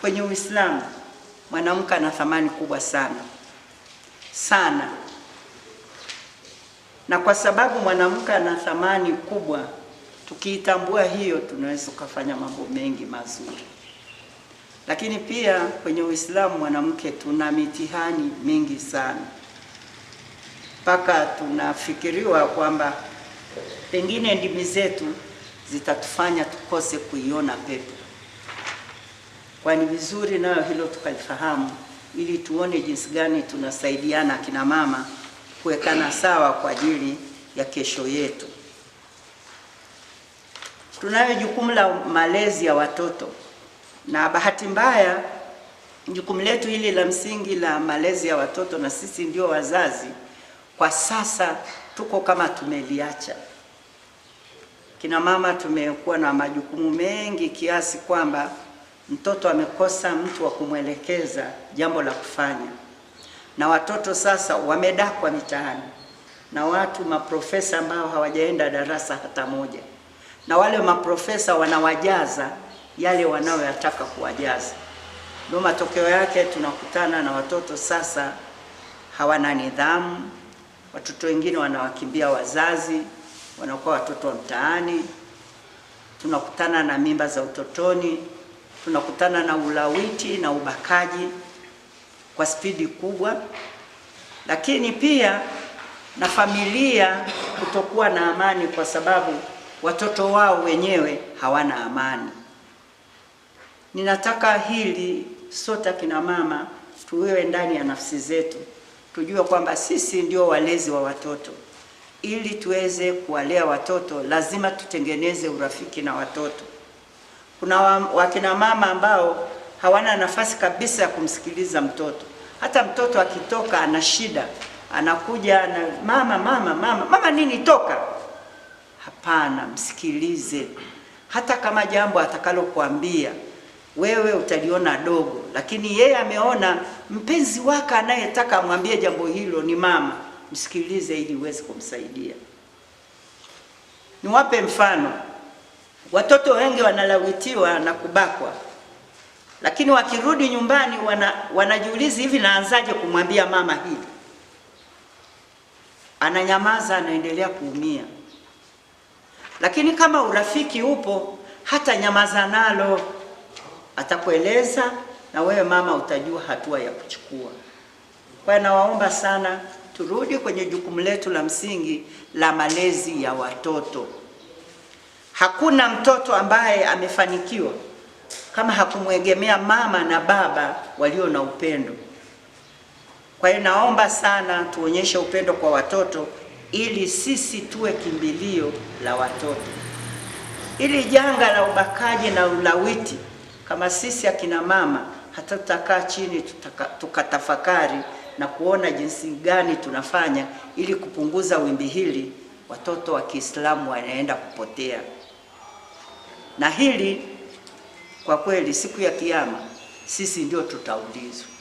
Kwenye Uislamu mwanamke ana thamani kubwa sana sana, na kwa sababu mwanamke ana thamani kubwa, tukiitambua hiyo, tunaweza kufanya mambo mengi mazuri. Lakini pia kwenye Uislamu mwanamke, tuna mitihani mingi sana, mpaka tunafikiriwa kwamba pengine ndimi zetu zitatufanya tukose kuiona pepo. Kwa ni vizuri nayo hilo tukalifahamu, ili tuone jinsi gani tunasaidiana akina mama kuwekana sawa kwa ajili ya kesho yetu. Tunayo jukumu la malezi ya watoto, na bahati mbaya jukumu letu hili la msingi la malezi ya watoto, na sisi ndio wazazi kwa sasa, tuko kama tumeliacha. Kina mama tumekuwa na majukumu mengi kiasi kwamba mtoto amekosa mtu wa kumwelekeza jambo la kufanya, na watoto sasa wamedakwa mitaani na watu maprofesa ambao hawajaenda darasa hata moja, na wale maprofesa wanawajaza yale wanayoyataka kuwajaza. Ndio matokeo yake tunakutana na watoto sasa hawana nidhamu. Watoto wengine wanawakimbia wazazi, wanakuwa watoto wa mtaani. Tunakutana na mimba za utotoni tunakutana na ulawiti na ubakaji kwa spidi kubwa, lakini pia na familia kutokuwa na amani kwa sababu watoto wao wenyewe hawana amani. Ninataka hili sote akina mama tuwewe ndani ya nafsi zetu, tujue kwamba sisi ndio walezi wa watoto. Ili tuweze kuwalea watoto, lazima tutengeneze urafiki na watoto. Kuna wakina mama ambao hawana nafasi kabisa ya kumsikiliza mtoto. Hata mtoto akitoka ana shida, anakuja na mama, mama, mama, mama nini, toka. Hapana, msikilize. Hata kama jambo atakalokuambia wewe utaliona dogo, lakini yeye ameona mpenzi wake anayetaka amwambie jambo hilo ni mama. Msikilize ili uweze kumsaidia. Niwape mfano. Watoto wengi wanalawitiwa na kubakwa, lakini wakirudi nyumbani wana, wanajiuliza hivi, naanzaje kumwambia mama hili? Ananyamaza, anaendelea kuumia. Lakini kama urafiki upo, hata nyamaza nalo, atakueleza na wewe mama utajua hatua ya kuchukua. Kwa hiyo nawaomba sana turudi kwenye jukumu letu la msingi la malezi ya watoto. Hakuna mtoto ambaye amefanikiwa kama hakumwegemea mama na baba walio na upendo. Kwa hiyo naomba sana tuonyeshe upendo kwa watoto ili sisi tuwe kimbilio la watoto. Ili janga la ubakaji na ulawiti, kama sisi akina mama hata tutakaa chini tukatafakari na kuona jinsi gani tunafanya ili kupunguza wimbi hili, watoto wa Kiislamu wanaenda kupotea na hili kwa kweli, siku ya Kiyama sisi ndio tutaulizwa.